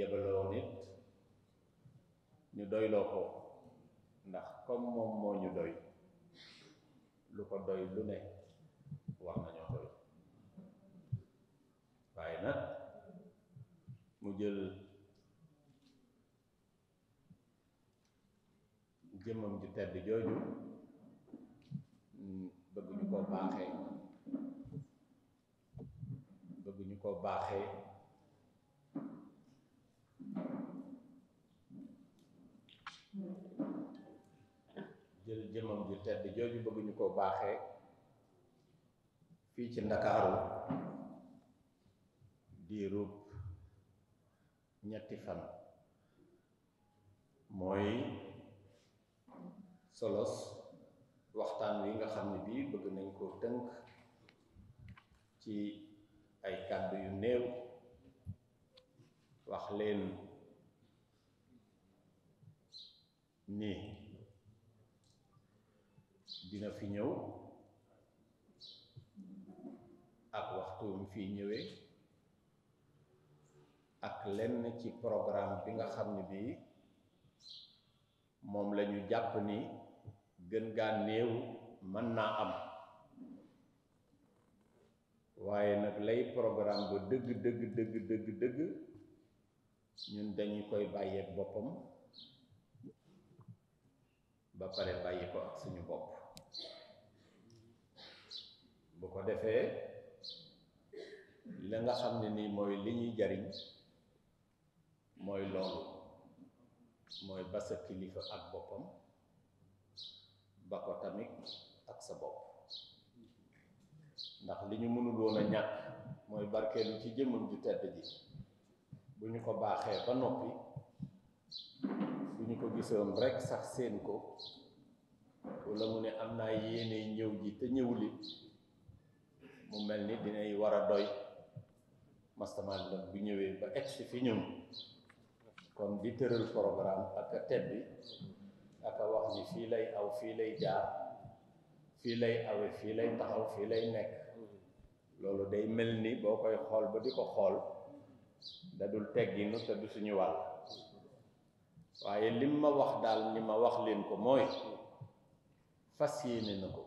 yebaloon it ñu doyloo ko ndax comme moom moo ñu doy lu ko doy lu ne wax nañoo doy waaye nag mu jël jëmmam ju tedd jooju bëgg ñu ko baaxee bëgg ñu baaxee jëmmam ju tedd jooju bëgg ñu koo baaxee fii ci ndakaaru diiru ñetti fan mooy solos waxtaan wi nga xam ne bii bëgg nañ koo tënk ci ay kàddu yu néew wax leen nii dina fi ñëw ak waxtu mu fi ñëwee ak lenn ci programme bi nga xam ne bii moom lañu jàpp ni gën gaa néew mën naa am waaye nag lay programme ba dëgg dëgg dëgg dëgg dëgg ñun dañu koy bàyyeek boppam ba pare bàyyi ko ak suñu bopp bu ko defee la nga xam ne nii mooy li ñuy jariñ mooy loolu mooy ba sa kilifa ak boppam ba ko tamit ak sa bopp ndax li ñu mënul woon a ñàkk mooy barkeelu ci jëmmam ju tedd ji bu ñu ko baaxee ba noppi bu ñu ko gisoon rekk sax seen ko walla mu ne am naa yéene ñëw ji te ñëwulit mu mel ni dinay war a doy mastamal la bu ñëwee ba egsi fi ñun kon di tëral programme ak a tebbi ak a wax ni fii lay aw fii lay jaar fii lay awe fii lay taxaw fii lay nekk loolu day mel ni boo koy xool ba di ko xool da dul tegginu te du suñu wàll waaye lim ma wax daal ni ma wax leen ko mooy fas yéene na ko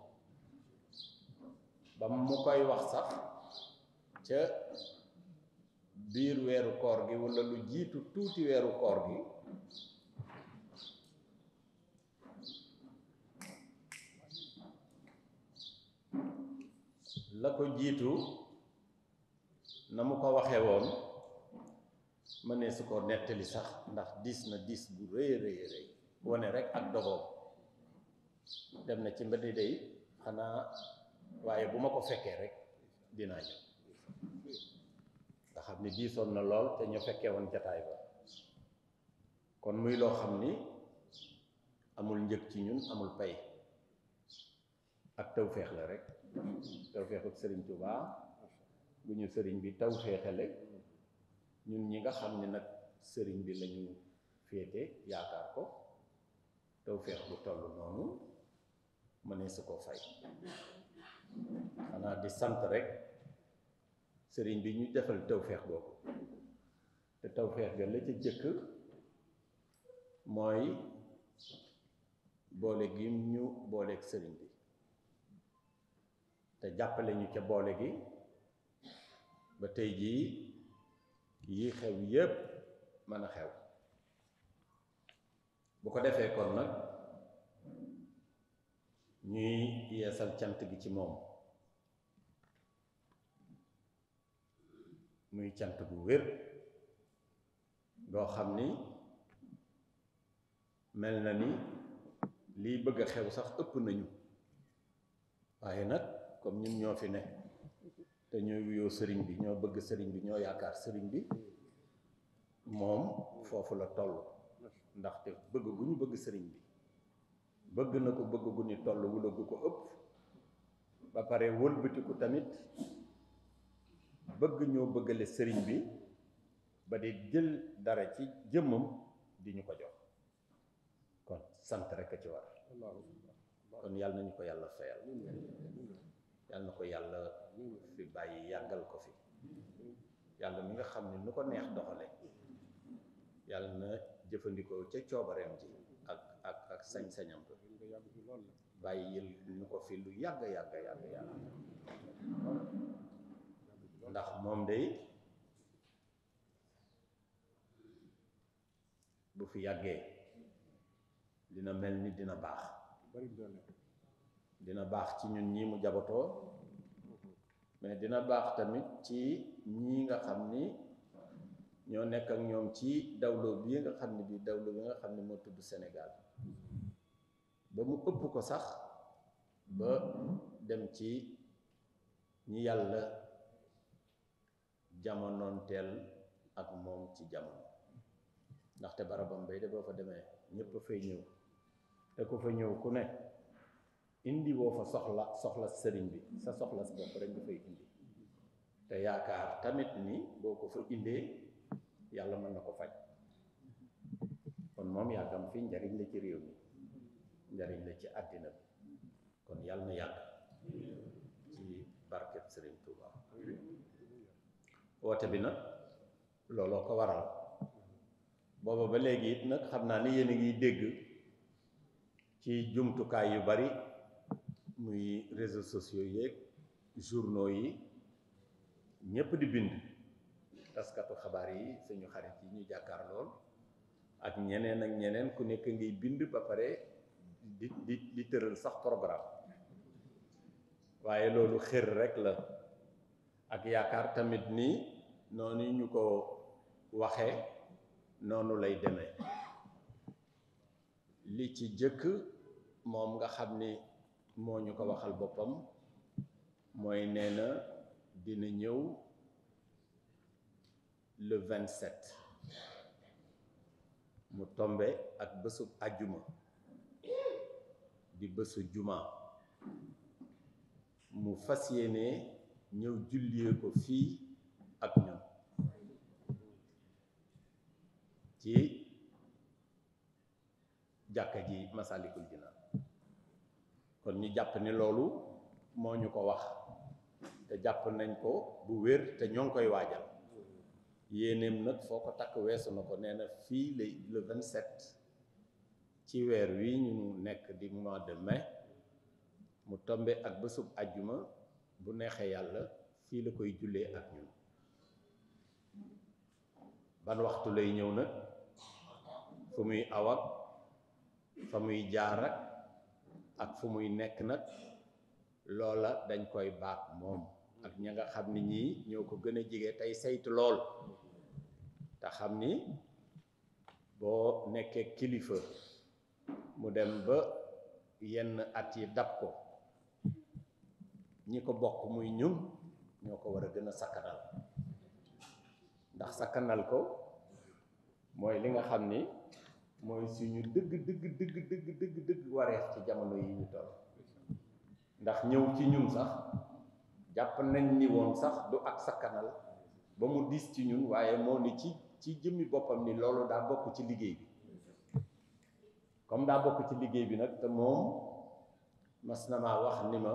ba mu koy wax sax ca biir weeru koor gi walla lu jiitu tuuti weeru koor gi la ko jiitu na mu ko waxee woon ma ne su ko nettali sax ndax diis na diis bu rëy rëy rëy wane rek ak dogoom dem na ci mbedd day xanaa waaye bu ma ko fekkee rek dinaa ñëw nga xam ni diisoon na lool te ñu fekkee woon jataay ba kon muy loo xam ni amul njëg ci ñun amul pay ak tawféex la rek tawféex ak sëriñ Tuubaa bu ñu sëriñ bi tawféexale ñun ñi nga xam ni nag sëriñ bi lañu féete yaakaar ko tawféex bu toll noonu mënee su ko fay xanaa di sant rek sëriñ bi ñu defal tawféex boobu te tawféex ga la ca jëkk mooy boole gi ñu booleeg sëriñ bi te jàppale ñu ca boole gi ba tey jii yi xew yépp mën a xew bu ko defee kon nag ñuy yeesal cant gi ci moom muy cant bu wér goo xam ni mel na ni liy bëgg a xew sax ëpp nañu waaye nag comme ñun ñoo fi ne te ñooy wuyoo sëriñ bi ñoo bëgg sëriñ bi ñoo yaakaar sëriñ bi moom foofu la toll ndaxte bëgg gu ñu bëgg sëriñ bi bëgg na ko bëgg gu ni toll wula gu ko ëpp ba pare wëlbatiku tamit bëgg ñoo bëggale sëriñ bi ba di jël dara ci jëmmam di ñu ko jox kon sant rek a ci war kon yàlla nañu ko yàlla feyal yàlla na ko yàlla fi bàyyi yàggal ko fi yàlla mi nga xam ne nu ko neex doxale yàlla na jëfandikoo ca coobareem ji ak sañ-sañam bàyyil ñu ko fi lu yàgg yàgg yàgg yàgg ndax moom day bu fi yàggee dina mel ni dina baax dina baax ci ñun ñii mu jabatoo mais dina baax tamit ci ñii nga xam ni ñoo nekk ak ñoom ci dawlo bii nga xam ne bii dawlo bi nga xam ne moo tudd Sénégal ba mu ëpp ko sax ba dem ci ñi yàlla jamonoonteel ak moom ci jamono ndaxte barabam bay de boo fa demee ñépp fay ñëw te ko fa ñëw ku ne indi woo fa soxla soxla sëriñ bi sa soxla sa bopp rek nga fay indi te yaakaar tamit ni boo ko fa indee yàlla mën na ko faj kon moom yaagam fi njariñ la ci réew mi njariñ la ci àddina bi kon yàlla na yàgg ci barket Sëriñ Tuuba woote bi nag looloo ko waral booba ba léegi it nag xam naa ni yéen a ngi dégg ci jumtukaay yu bari muy réseaux sociaux yeeg journaux yi ñépp di bind taskatu xabaar yi suñu xarit yi ñu jàkkaar lool ak ñeneen ak ñeneen ku nekk ngiy bind ba pare di di di tëral sax programme waaye loolu xër rek la ak yaakaar tamit nii noonu ñu ko waxe noonu lay deme li ci jëkk moom nga xam ni moo ñu ko waxal boppam mooy nee na dina ñëw le 27 mu tombe ak bésub ajjuma di bësu jumaa mu fas yéene ñëw jullee ko fii ak ñoom ci jàkka ji Masalikul Jinaan kon ñi jàpp ni loolu moo ñu ko wax te jàpp nañ ko bu wér te ñoo ngi koy waajal yéeneem nag foo ko takk weesu na ko nee na fii lay le 27. ci weer wi ñu nekk di mois de mais mu tombe ak bésub àjjuma bu neexee yàlla fii la koy jullee ak ñun ban waxtu lay ñëw nag fu muy awak fa muy jaar ak fu muy nekk nag loola dañ koy baax moom ak ña nga xam ni ñii ñoo ko gën a jege tey saytu lool te xam ni boo nekkee kilifa mu dem ba yenn at yi dab ko ñi ko bokk muy ñun ñoo ko war a gën a sakkanal ndax sakkanal ko mooy li nga xam ni mooy suñu dëgg dëgg dëgg dëgg dëgg dëgg wareef ci jamono yi ñu toll ndax ñëw ci ñun sax jàpp nañ ni woon sax du ak sakkanal ba mu diis ci ñun waaye moo ni ci ci jëmmi boppam ni loolu daa bokk ci liggéey bi comme daa bokk ci liggéey bi nag te moom mas na maa wax ni ma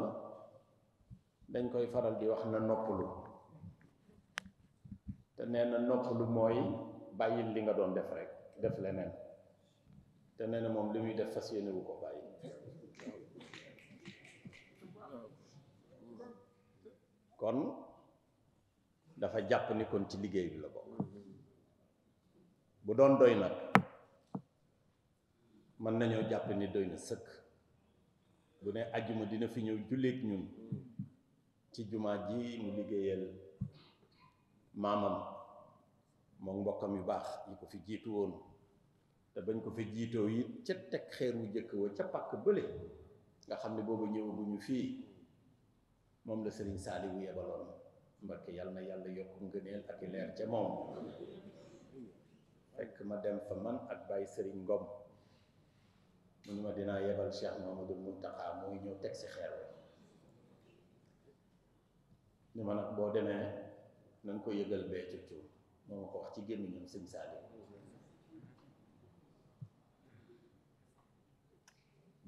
dañ koy faral di wax na noppalu te nee na noppalu mooy bàyyil li nga doon def rekk def leneen te nee moom li muy def fas yéene ko bàyyi kon dafa jàpp ni kon ci liggéey bi la bokk bu doon doy nag mën nañoo jàpp ni doy na sëkk bu ne ajjuma dina fi ñëw julleeg ñun ci jumaa ji mu liggéeyal maamam moom mbokkam yu baax yi ko fi jiitu woon te bañ ko fi jiitoo yi ca teg xeer wu jëkk wa ca pakk bële nga xam ne boobu ñëwaguñu fii moom la sëriñ Saaliwu yebaloon Mbakke yàlla na yàlla yokk ngëneel ak leer ca moom rekk ma dem fa man ak bàyyi sëriñ Ngom mu ne ma dinaa yebal Cheikh Mamadou Mountakha mooy ñëw teg si xeer wi ma nag boo demee nañ ko yëgal bee ci tur moo ma wax ci gémmiñam sëñ Saliou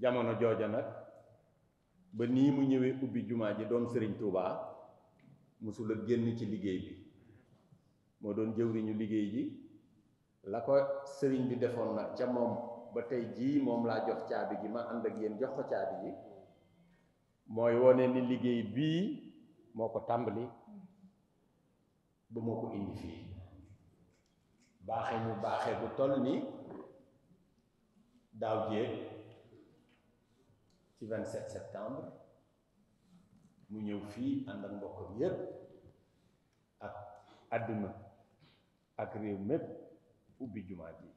jamono jooja nag ba nii mu ñëwee ubbi jumaa ji doon sëriñ Tuubaa mësul a génn ci liggéey bi moo doon jëwriñu liggéey ji la ko sëriñ bi defoon nag ca moom ba tey jii moom laa jox caabi gi ma ànd ak yéen jox ko caabi gi mooy wone ni liggéey bii moo ko tàmbali ba moo ko indi fii baaxe mu baaxe bu toll ni daaw jéeg ci 27 septembre mu ñëw fii ànd ak mbokkam yépp ak àdduna ak réew mépp ubbi jumaa ji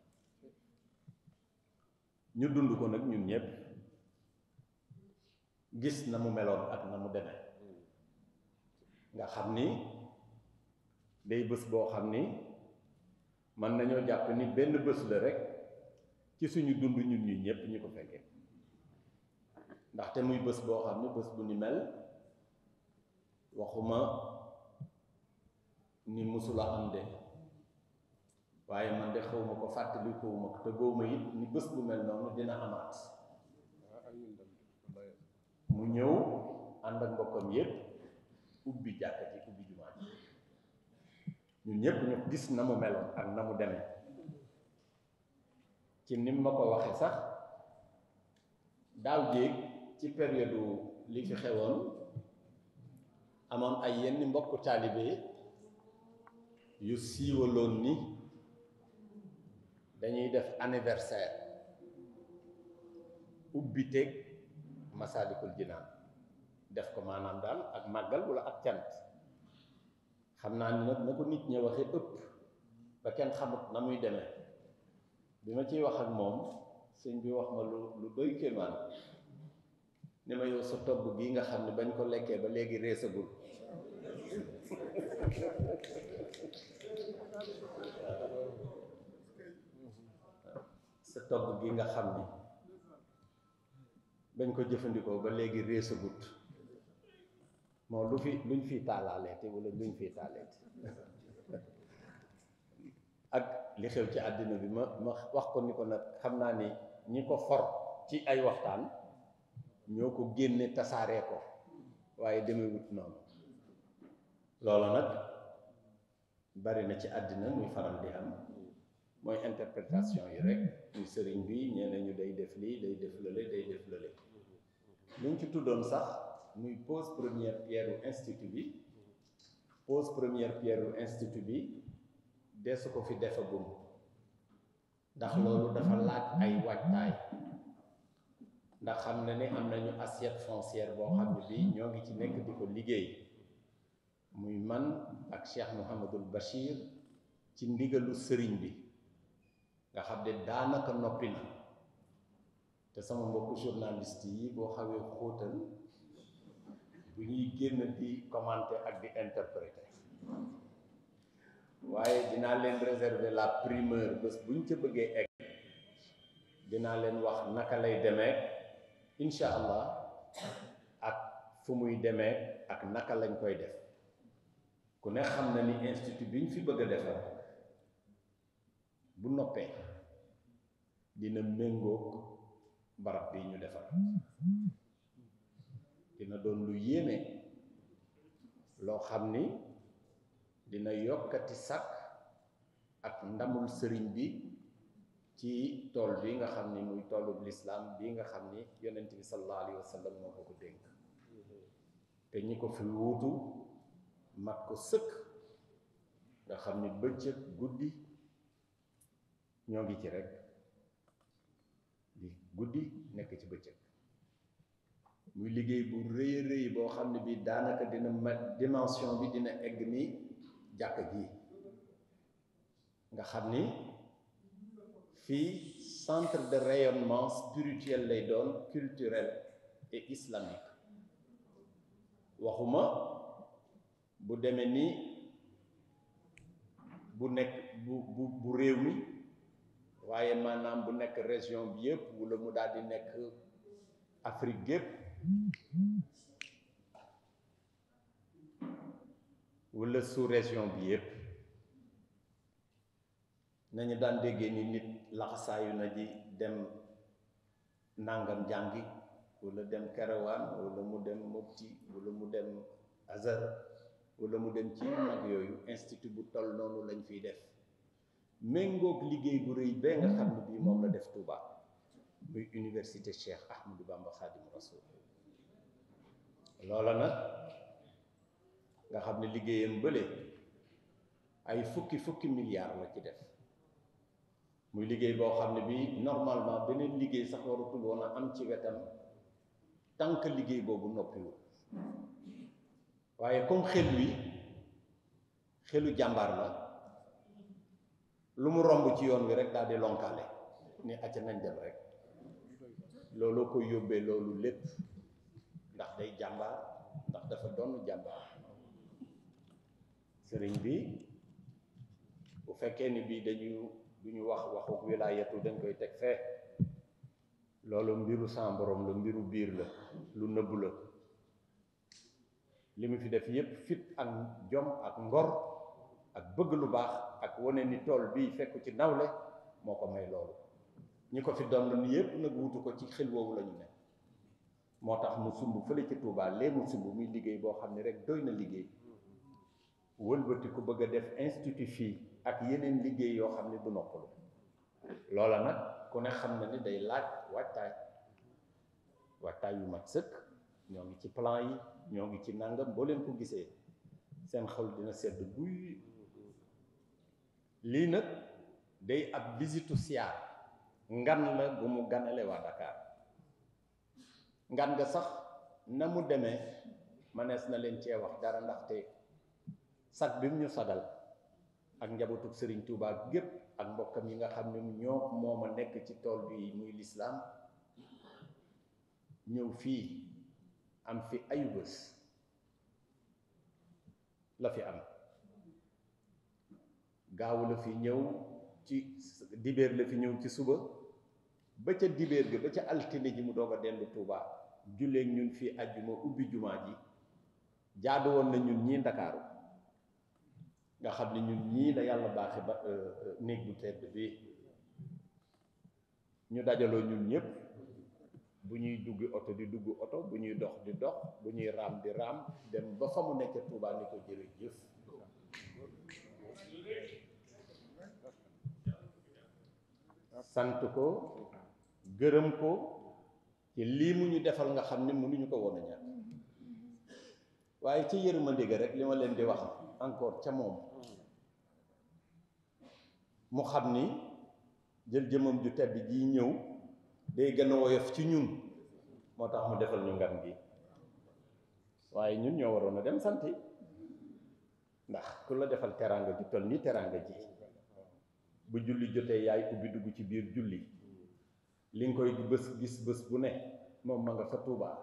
ñu dund ko nag ñun ñëpp gis na mu meloon ak na mu deme nga xam ni day bés boo xam ni mën nañoo jàpp ni benn bés la rek ci suñu dund ñun ñu ñëpp ñu ko fekkee ndaxte muy bës boo xam ni bës bu ni mel waxuma ni musula am de waaye man de xaw ma ko fàttali ko ma ko te góoma it ni bés bu mel noonu dina amaat mu ñëw ànd ak mbokkam yépp ubbi jàkka ubbi jumaa ji ñun ñépp ñu gis na mu meloon ak na mu demee ci nim ma ko waxe sax daaw jéeg ci période li fi xewoon amoon ay yenn mbokku taalibe yu siiwaloon ni dañuy def anniversaire ubbi teg Masaalikul Jinaan def ko maanaam daal ak màggal wala ak cant xam naa ni nag na ko nit ña waxee ëpp ba kenn xamut na muy deme bi ma ciy wax ak moom sëñ bi wax ma lu lu doy ni ma yow sa togg bii nga xam ne bañ koo lekkee ba léegi réesagul sa togg gi nga xam ni dañ ko jëfandikoo ba léegi but moom lu fi luñ fi taalaaleeti wala luñ fi taaleeti ak li xew ci àddina bi ma ma wax ko ni ko nag xam naa ni ñi ko for ci ay waxtaan ñoo ko génne tasaaree ko waaye demewut noonu loolu nag bari na ci àddina muy faral di am mooy interprétation yi rek ñu sëriñ bi ñee nañu day def lii day def lële day def lële luñ ci tuddoon sax muy pose première pierre u bi pose première pierre u bi des ko fi defagum ndax loolu dafa laaj ay waajtaay ndax xam na ni am nañu assiette foncière boo xam ne bii ñoo ngi ci nekk di ko liggéey muy man ak Cheikh Mouhamadul Bachir ci ndigalu sëriñ bi nga xam ne daanaka noppi na te sama mbokku journaliste yi boo xawee xóotal bu ñuy génn di commanté ak di interpréter waaye dinaa leen réserver la primeur bés bu ñu ca bëggee egg dinaa leen wax naka lay demee incha allah ak fu muy demee ak naka lañ koy def ku ne xam na ni institut bi ñu fi bëgg a defar bu noppee dina méngoog barab bi ñu defar dina doon lu yéeme loo xam ni dina yokkati sàkk ak ndamul sëriñ bi ci tool bi nga xam ni muy toolub lislaam bi nga xam ni yonent bi sallallahu alayhi moo ko ko dénk te ñi ko fi wuutu mat ko sëkk nga xam ni bëccëg guddi ñoo ngi ci rek guddi nekk ci bëccëg muy liggéey bu rëy rëy boo xam ne bii daanaka dina ma dimension bi dina egg ni jàkk gi nga xam ni fii centre de rayonnement spirituel lay doon culturel et islamique waxuma bu deme ni bu nekk bu bu bu réew mi waaye maanaam bu nekk résion bi yëpp wala mu daal di nekk Afrique yëpp wala sous région bi yëpp nañu daan déggee ni nit laxasaayu na ji dem nangam jàngi wala dem karawaan wala mu dem mopti wala mu dem azar wala mu dem ci nag yooyu institut bu toll noonu lañu fiy def méngoog liggéey bu rëy ba nga xam ne bii moom la def Touba muy université Cheikh Ahmadou Bamba Khadim Rasoul loola na nga xam ne liggéeyam bële ay fukki fukki milliards la ci def muy liggéey boo xam ne bii normalement beneen liggéey sax waratul woon a am ci wetam tànk liggéey boobu noppiwul waaye comme xel wi xelu jàmbaar la lu mu romb ci yoon wi rek daal di lonkaale ni acca nañ dem rek looloo ko yóbbee loolu lépp ndax day jàmbaar ndax dafa doon jàmbaar sëriñ bi bu fekkee ni bii dañu du ñu wax waxu wilaayatu dañ koy teg fee loolu mbiru sans la mbiru biir la lu nëbbu la li mu fi def yépp fit ak jom ak ngor ak bëgg lu baax ak wane ni tool bii fekku ci nawle moo ko may loolu ñi ko fi doon ni yépp nag wutu ko ci xel woowu la ne moo tax mu sumb fële ci Touba lee mu sumb muy liggéey boo xam ne rek doy na liggéey wëlbati ku bëgg a def institut fii ak yeneen liggéey yoo xam ne du noppalu loola nag ku ne xam na ni day laaj waajtaay waajtaay yu mag sëkk ñoo ngi ci plan yi ñoo ngi ci nangam boo leen ko gisee seen xol dina sedd guy lii nag day ab bisitu siyaar ngan la gu mu ganale waa ngan nga sax na mu demee mënees na leen cee wax dara ndaxte sag bi mu ñu sagal ak njabootuk sëriñ Touba gépp ak mbokkam yi nga xam ne ñoo mooma nekk ci tool bi muy lislaam ñëw fii am fi ayu bés la fi am gaawu la fi ñëw ci dibeer la fi ñëw ci suba ba ca dibeer ga ba ca altine ji mu doog a dellu Touba jullee ñun fii ajjuma ubbi jumaa ji jaadu woon na ñun ñii ndakaaru nga xam ne ñun ñii la yàlla baaxe ba euh, euh, néeg bu tedd bi ñu dajaloo ñun ñëpp bu ñuy dugg oto di dugg oto bu ñuy dox di dox bu ñuy raam di raam dem ba fa mu nekk Touba ni ko jërëjëf sant ko gërëm ko ci lii mu ñu defal nga xam ne mënuñu ko woon a ñàkk waaye ci yërmande ga rek li ma leen di wax encore ca moom mu xam ni jël jëmam ju tedd ji ñëw day gën a woyof ci ñun moo tax mu defal ñu ngam gi waaye ñun ñoo waroon a dem santi ndax ku la defal teraanga ju toll nii teraanga ji bu julli jotee yaay ubbi dugg ci biir julli li nga koy bës gis bës bu ne moom ma nga fa Tuubaa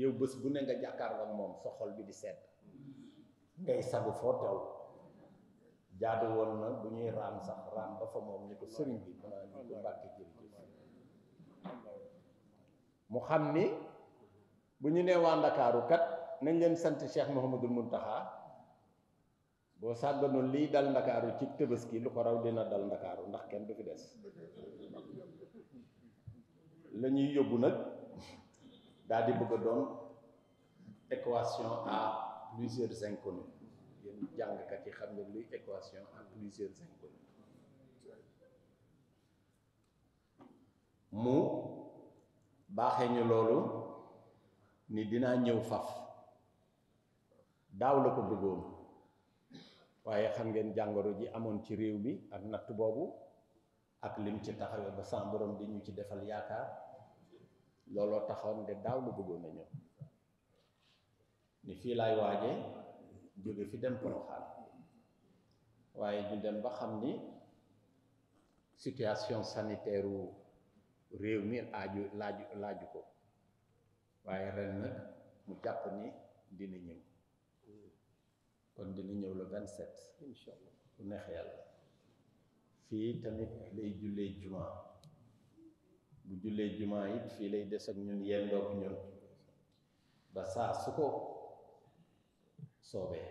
yow bës bu ne nga jàkkaarloo ak moom sa xol bi di sedd ngay sagu foo teew jaadu woon na bu ñuy raam sax raam ba fa moom ni ko sëriñ bi mu xam ni bu ñu nee waa Ndakaaru kat nañ leen sant Cheikh Mouhamadul taxaa boo sàgganoon liy dal ndakaaru ci tëbaski lu ko raw dina dal ndakaaru ndax kenn du fi des la yóbbu nag daal di bëgg a doon équation à plusieurs inconnues yéen jàngkat yi xam ne luy équation à plusieurs inconnues mu baaxee ñu loolu ni dinaa ñëw faf daaw la ko bëggoon waaye xam ngeen jàngoro ji amoon ci réew mi ak natt boobu ak lim ci taxawee ba sa di ñu ci defal yaakaar looloo taxoon de daaw lu bëggoon na ñëw ni fii laay waaje jóge fi dem Porokhane waaye ñu dem ba xam ni situation sanitaire réew mi aaju laaju laaju ko waaye ren mu jàpp ni dina ñëw kon dina ñëw le vingt sept incha allah bu neex yàlla fii tamit lay jullee jumaa bu jullee jumaa it fii lay des ak ñun yendoog ñun ba saa su ko soobee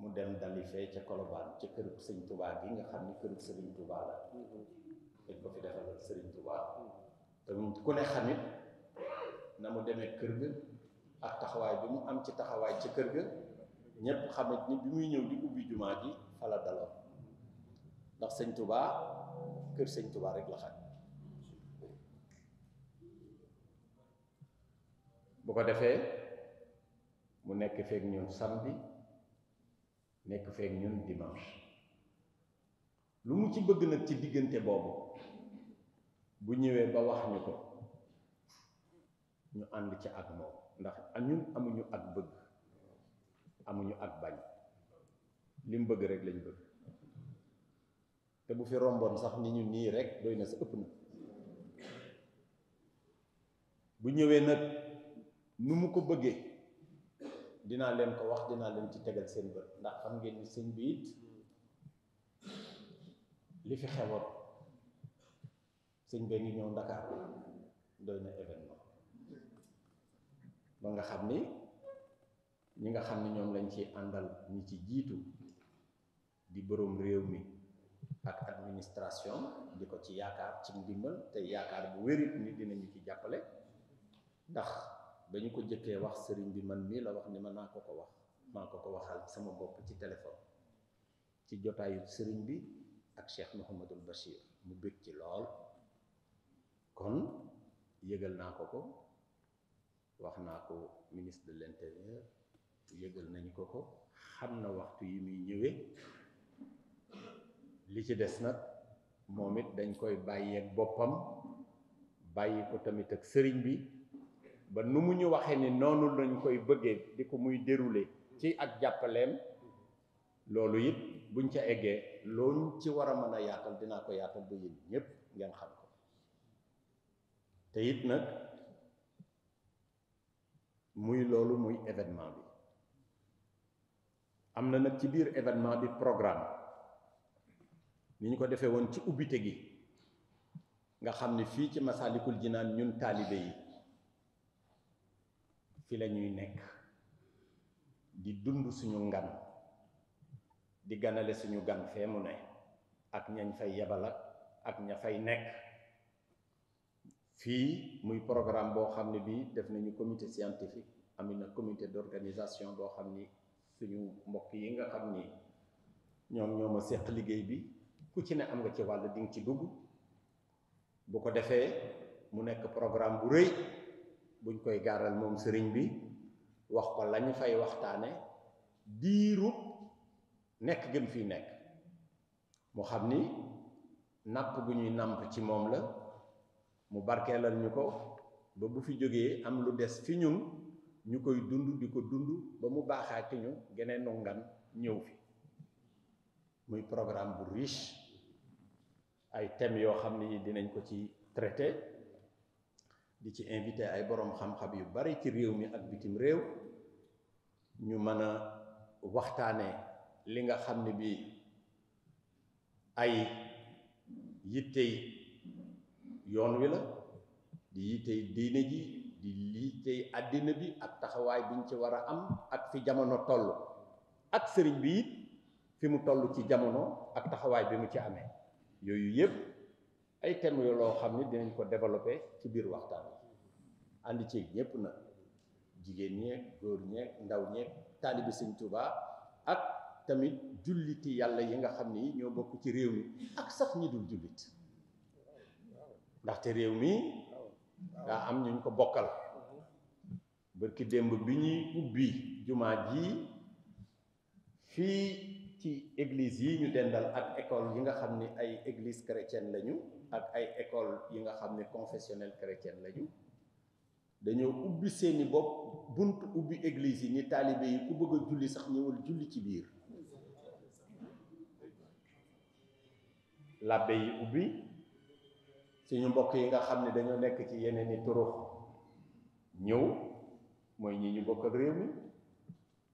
mu dem dali fee ca Colobane ca kërug sëñ Tubaa gi nga xam ni kërug sëriñ Tubaa la ko fi defal ku ne xamit na mu demee kër gi ak taxawaay bi mu am ci taxawaay ci kër ga ñépp xamit ni bi muy ñëw di ubbi jumaa ji fa la ndax sëñ tubaa kër sëñ tubaa rek la xam bu ko defee mu nekk feek ñun samedi nekk feek ñun dimanche lu mu ci bëgg nag ci diggante boobu bu ñëwee ba wax ñu ko ñu ànd ci ak moom ndax ñun amuñu ak bëgg amuñu ak bañ li bëgg rek lañ bëgg te bu fi romboon sax ni ñu nii rek doy na sa ëpp na bu ñëwee nag nu mu ko bëggee dinaa leen ko wax dinaa leen ci tegal seen bët ndax xam ngeen ni sëñ bi it li fi xewoon sëñ bee ngi ñëw Ndakaar doy na événement ba nga xam ni ñi nga xam ni ñoom lañ ci àndal ñi ci jiitu di boroom réew mi ak administration di ko ci yaakaar ci ndimbal te yaakaar bu wérit ni dinañu ci jàppale ndax ba ñu ko jëkkee wax sëriñ bi man mii la wax ni ma naa ko ko wax maa ko ko waxal sama bopp ci téléphone ci jotaayu sëriñ bi ak Cheikh Mouhamadul Bachir mu bég ci lool kon yëgal naa ko ko wax naa ko ministre de l'intérieur yëgal nañu ko ko xam na waxtu yi muy ñëwee li ci des nag moom it dañ koy bàyyeek boppam bàyyi ko tamit ak sëriñ bi ba nu mu ñu waxee ni noonu lañ koy bëggee di ko muy dérouler ci ak jàppaleem loolu it buñ ci eggee loolu ci war a mën a yàqal dinaa ko yaatal ba yéen ñépp ngeen xam ko te it nag muy loolu muy événement bi am na nag ci biir événement bi programme ni ñu ko defee woon ci ubbite gi nga xam ni fii ci Masaalikul naan ñun taalibe yi fi la nekk di dund suñu ngan di ganale suñu gan fee mu ne ak ñañ fay yebal ak ña fay nekk fii muy programme boo xam ne bii def nañu commité scientifique am na comité d'organisation boo xam ni suñu mbokk yi nga xam ni ñoom ñoo ma liggéey bi ku ci ne am nga ci wàll di nga ci dugg bu ko defee mu nekk programme bu rëy buñ koy gaaral moom sëriñ bi wax ko lañu fay waxtaane diiru nekk gëm fii nekk mu xam ni napp bu ñuy nàmp ci moom la mu barkeelal ñu ko ba bu fi jógee am lu des fi ñun ñu koy dund di ko dund ba mu baaxaati ñu geneen ngan ñëw fi muy programme bu riche ay thèmes yoo xam ni dinañ ko ci traité di ci invité ay boroom xam-xam yu bari ci réew mi ak bitim réew ñu mën a waxtaanee li nga xam ni bi ay yittey yoon wi la di yitey diine ji di yitey àddina bi ak taxawaay biñ ci war a am ak fi jamono toll ak sëriñ bi it fi mu toll ci jamono ak taxawaay bi mu ci amee yooyu yëpp ay thèmes yoo loo xam ne dinañ ko développé ci biir waxtaan ànd ci ñëpp na jigéen ñeeg góor ñeeg ndaw ñeeg taalibi sëñ Tuuba ak tamit julliti yàlla yi nga xam ni ñoo bokk ci réew mi ak sax ñi dul jullit ndaxte réew mi daa am ñu ñu ko bokkal bërki démb bi ñuy ubbi jumaa ji fii ci église yi ñu dendal ak école yi nga xam ni ay église chrétienne lañu ak ay école yi nga xam ni confessionnelle chrétienne lañu dañoo ubbi seeni bopp bunt ubbi église yi ni taalibe yi ku bëgg a julli sax ñëwal julli ci biir labbe yi ubbi ñu mbokk yi nga xam ne dañoo nekk ci yeneen i turux ñëw mooy ñi ñu bokkal réew mi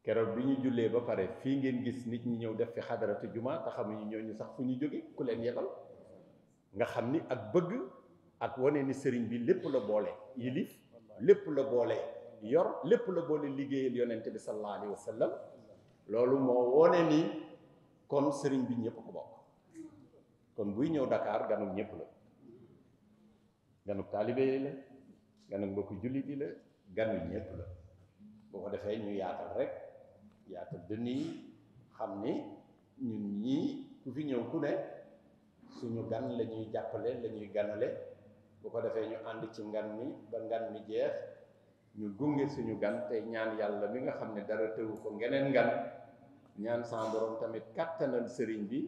keroog bi ñu jullee ba pare fii ngeen gis nit ñi ñëw def fi xadaratu juma te xamuñu ñooñu sax fu ñu jóge ku leen yebal nga xam ni ak bëgg ak wane ni sëriñ bi lépp la boole yilif lépp la boole yor lépp la boole liggéeyal yonent bi sallallahu alayhi wa loolu moo wone ni kon sëriñ bi ñëpp ko bokk kon buy ñëw Dakar ganum ñépp la ganuk taalibe yi la ganuk mbokku jullit yi la ganu ñëpp la boo ko defee ñu yaatal rek yaatal dënn yi xam ni ñun ñii ku fi ñëw ku ne suñu gan la ñuy jàppale lañuy ganale boo ko defee ñu ànd ci ngan mi ba ngan mi jeex ñu gunge suñu gan tey ñaan yàlla mi nga xam ne dara tëwu ko ngeneen ngan ñaan sa borom tamit kàttanal sëriñ bi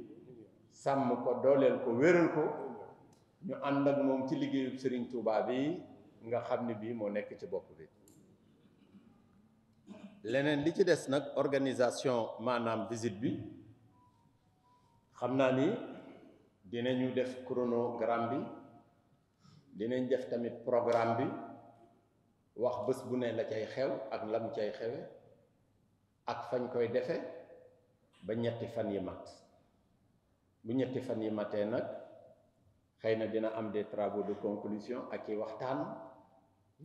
sàmm ko dooleel ko wéral ko ñu ànd ak moom ci liggéeyub sëriñ Touba yi nga xam ne bii moo nekk ci bopp bi leneen li ci des nag organisation maanaam visit bi xam naa ni dinañu def chronogramme bi dinañ def tamit programme bi wax bés bu ne la cay xew ak lam cay xewe ak fañ koy defe ba ñetti fan yi mat bu ñetti fan yi matee nag xëy na dina am des travaux de conclusion ak i waxtaan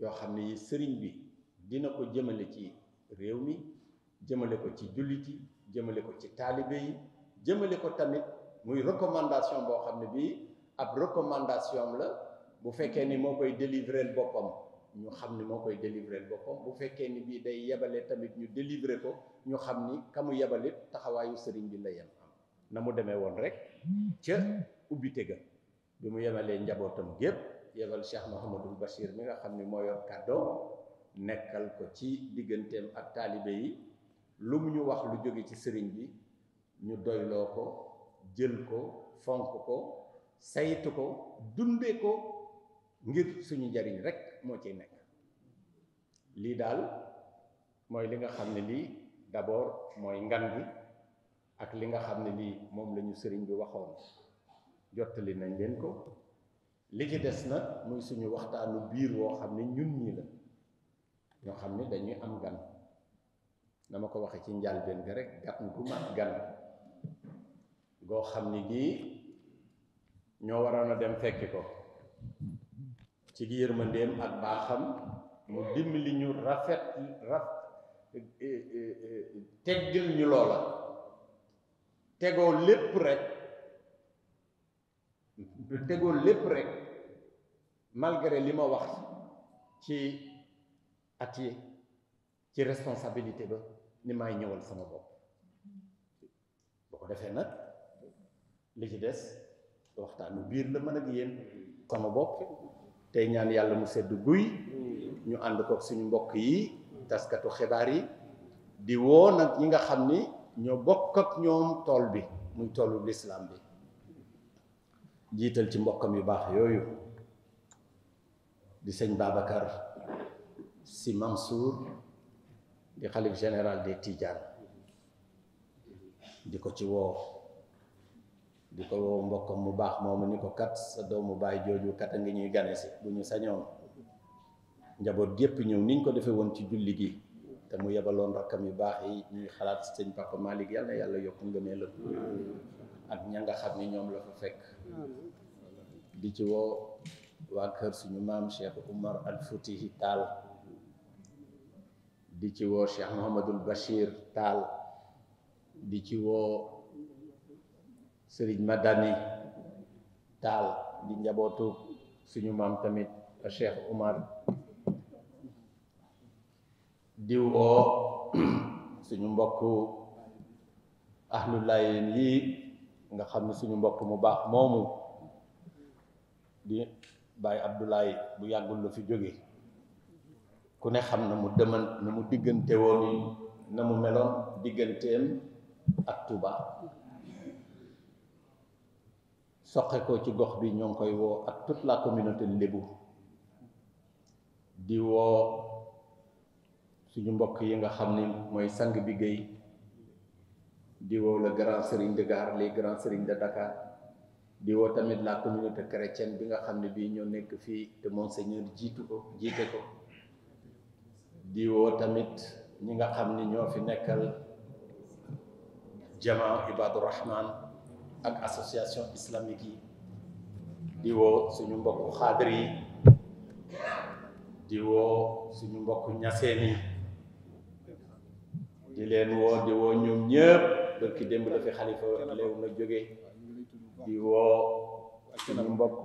yoo xam ne yi sëriñ bi dina ko jëmale ci réew mi jëmale ko ci jullit yi jëmale ko ci taalibe yi jëmale ko tamit muy recommandation boo xam ne bii ab recommandation la bu fekkee ni moo koy délivrer boppam ñu xam ni moo koy délivrer boppam bu fekkee ni bii day yebalee tamit ñu délivrer ko ñu xam ni kamu yebalit taxawaayu sëriñ bi la yem am na mu demee woon rek ca ubbite ga bi mu yebalee njabootam gépp yebal Cheikh Mouhamadul Bachir mi nga xam ni moo yor kàddoom nekkal ko ci digganteem ak taalibe yi lu mu ñu wax lu jóge ci sëriñ bi ñu doyloo ko jël ko fonk ko saytu ko dunde ko ngir suñu njariñ rekk moo ci nekk lii daal mooy li nga xam ne lii d'abord mooy ngan bi ak li nga xam ne lii moom lañu sëriñ bi waxoon jottali nañ leen ko li ci des nag muy suñu waxtaanu biir woo xam ne ñun ñii la ñoo xam ne dañuy am gan dama ko waxe ci njàlbeen ga rek gan gu mag gan goo xam ni gii ñoo waroon a dem fekki ko ci yërmandeem ak baaxam mu li ñu rafet raf e, e, e, teggal ñu loola tegoo lépp rek tegoon lépp rek malgré li ma wax ci at yi ci responsabilité ba ni may ñëwal sama bopp boo ko defee nag li ci des waxtaanu biir la mën ak yéen sama bopp tey ñaan yàlla mu sedd guy ñu ànd ko suñu mbokk yi taskatu xibaar yi di woo nag ñi nga xam ni ñoo bokk ak ñoom tool bi muy toolu lislaam bi jiital ci mbokkam yu baax yooyu di sëñ Babacar Sy Mansour di xalif général de tiijaan di ko ci woo di ko woo mbokkam mu baax moomu ni ko kat sa doomu baay jooju kat a ngi ñuy gane si bu ñu sañoon njaboot gépp ñëw niñ ko defee woon ci julli gi te mu yebaloon rakkam yu baax yi ñuy xalaat sëñ Papa Malick yàlla yàlla yokk nga ne la ak ña xam ni ñoom la fa fekk di ci woo waa kër suñu maam Cheikh Umar al Futihi Taal di ci woo Cheikh Mouhamadul Bachir Taal di ci woo sëriñ Madani Taal di njabootu suñu maam tamit Cheikh Umar di woo suñu mbokku ahlu Laayeen yi nga xam ne suñu mbokk mu baax moomu di Baye Abdoulaye bu yàggul la fi jóge ku ne xam na mu dëman na mu diggante woon na mu meloon digganteem ak Touba soqe ko ci gox bi ñoo ngi koy woo ak toute la communauté lébu di woo suñu mbokk yi nga xam ni mooy sang bi géey di woo le grand serigne de Gare les grands serignes de Dakar di tamit la communauté chrétienne bi nga xam ne bii ñoo nekk fii te monseigneur jiitu ko jiite ko di tamit ñi nga xam ni ñoo fi nekkal jamaa ibadu rahman ak association islamique yi di woo suñu mbokku xaadir yi di suñu mbokku ñaseen yi di leen woo di ñoom ñëpp bërki démb la fi xalifa léew na jóge di woo suñu mbokk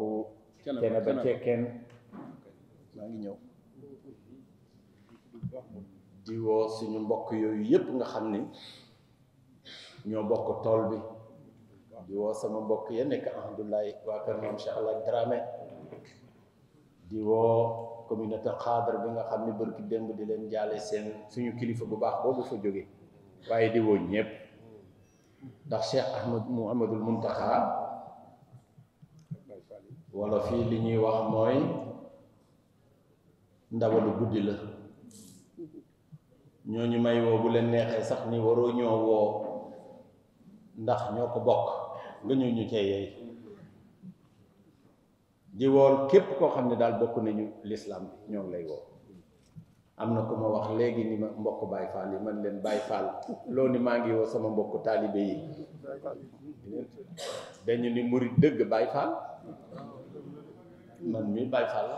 maa ngi ñëw di woo mbokk yooyu yépp nga xam ni ñoo bokk tool bi di woo sama mbokk ya nekk alhamdulilahi waa kër maam Cheikh Allah Dramé communauté xaadar bi nga xam ni bërki démb di leen jaale seen suñu kilifa bu baax boobu fa jóge waaye di ñépp ndax Cheikh Ahmad Muhammadul Muntaxa wala yi li ñuy wax mooy ndawalu guddi la ñooñu may woo bu leen neexee sax ni waroo ñoo woo ndax ñoo ko bokk nga ñëw ñu cee yeey di wool képp koo xam ne daal bokk nañu lislaam bi ñoom lay woo am na ku ma wax léegi ni ma mbokk Baay Faal yi man leen Baay Faal loo ni maa ngi woo sama mbokk taalibe yi dañu ni murit dëgg bay Faal man mi Baay Faal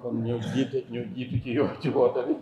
kon ñoo jiit ñoo jiitu ci yow ci woote bi